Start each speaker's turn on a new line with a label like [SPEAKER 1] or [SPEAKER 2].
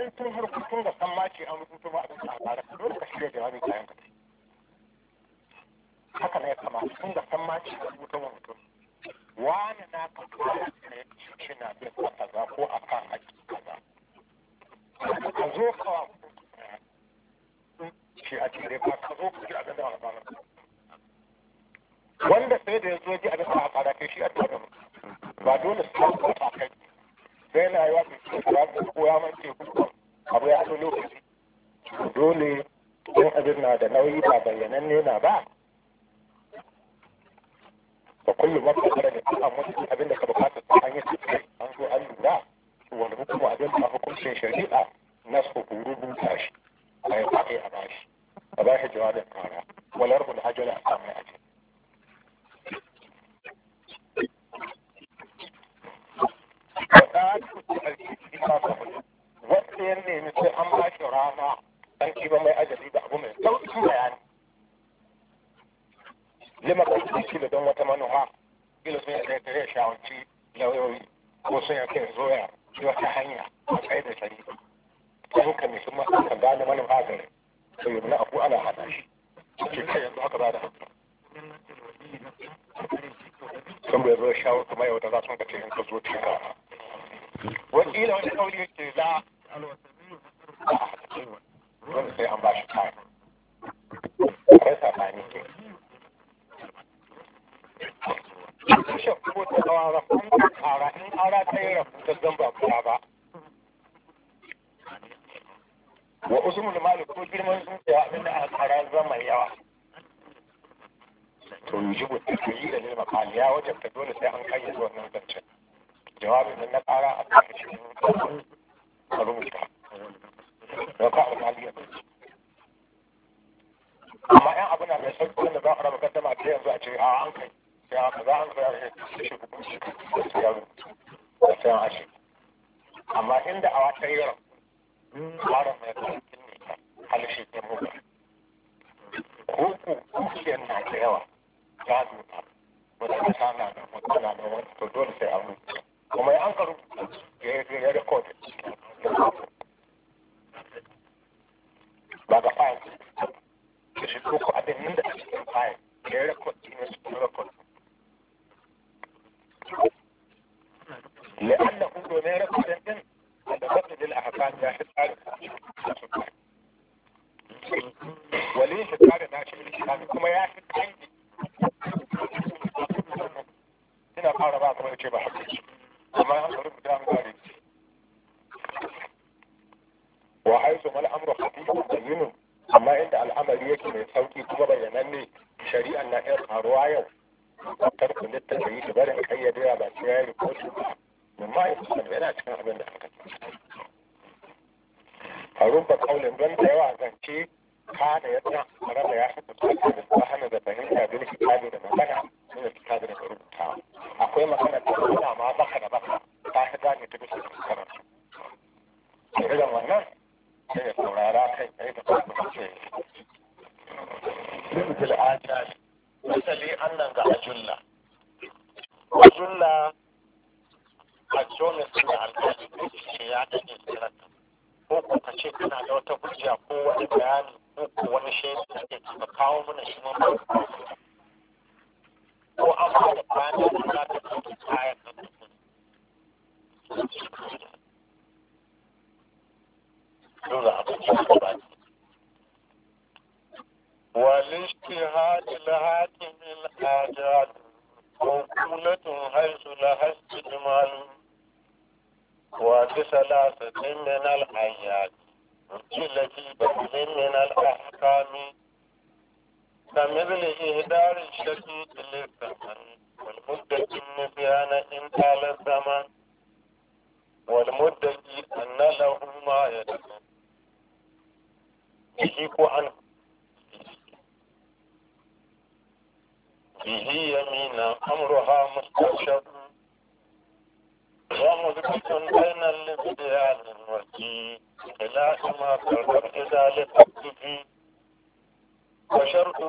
[SPEAKER 1] in tun farko tun da san ma ce an rubuta ma abin da al'ada ka dole ka shirya da jawabi kayan ka haka ne ya kamata tun da san ma ce an rubuta wa mutum wani na ka kwana ka yi cuce na bin ka kaza ko a kan haƙƙi kaza ka zo ka wa ce a jere ba ka zo ka ji abin da al'ada wanda sai da ya zo ji abin da al'ada kai shi a tare ba dole su ka ta kai sai na ya fi ce ya fi ko ya mace kuskon abu ya fi lokaci dole in abin na da nauyi ba bayyananne na ba da kullum mafi kare da kuma abin da bukata ta an yi an zo an lura wani abin da hukuncin shari'a na su shi taimaka da shi da don wata manufa ila sun yaka ta ya shawarci lauyoyi ko sun yaka ya zo ya ci wata hanya a tsaye da shari ta haka mai sun masu kan gane manufa gare to yi na abu ana hana shi ce kai yanzu haka ba da haka sun bai zo shawo kuma yau da za sun kace in ka zo ci ka wakila wani kauli yake za wani sai an ba shi kayan idan ba kula ba wa usmul malik ko girman zuciya abinda aka kara zama yawa to yujibu takyila lil maqal ya wajabta dole sai an kayyade wannan zancen jawabin da na kara a cikin cikin rubuta da ka a maliyar amma yan abu na mai sauki wanda za a raba kaddama ta yanzu a ce a an kai sai a kaza an kai a shi shi hukunci ya rubuta da sai an ashe amma inda a wata yaron hmm. yaron mai kwanakin ne halishin ya mutu koko kuciyar na da yawa ta duba wata kasa na da wata da wata to dole sai an mutu kuma ya an karu yi shekara na shi bilkita kuma ya fi fara ba amma amma inda al'amari yake mai sauki kuma bayyananne shari'a na iya faruwa yau tarku litta da barin ba sai ya yi rikoshi ba amma cikin abinda da aka ce harun don yawa zance kada ya ta tare da ya haɗa da ta da fahimta bin kitabi da magana da kitabi da rubutawa akwai magana ta kuma da baka ta ta gane ta bisa fuskarar su irin wannan sai ya saurara kai sai ta kuma ce bil ajal misali annan ga ajulla ajulla a jona suna alƙalin da ya ko kuma ce da wata hujja ko bayani ko wani shaidu da ke cika kawo mana ba ko an ba da kayan da za ta ɗauki kayan da dole abin da ba حيث وبثلاثة من الحيات التي بحل من الأحكام
[SPEAKER 2] كمثل إهدار
[SPEAKER 1] الشكيك للزمن والمدة النسيان إن طال الزمن والمدة أن له ما يدخل يحيك عنه به يمينا أمرها مستشر مثبت بين البدع والوكي خلاف ما قرر إذا لتكفي وشرطه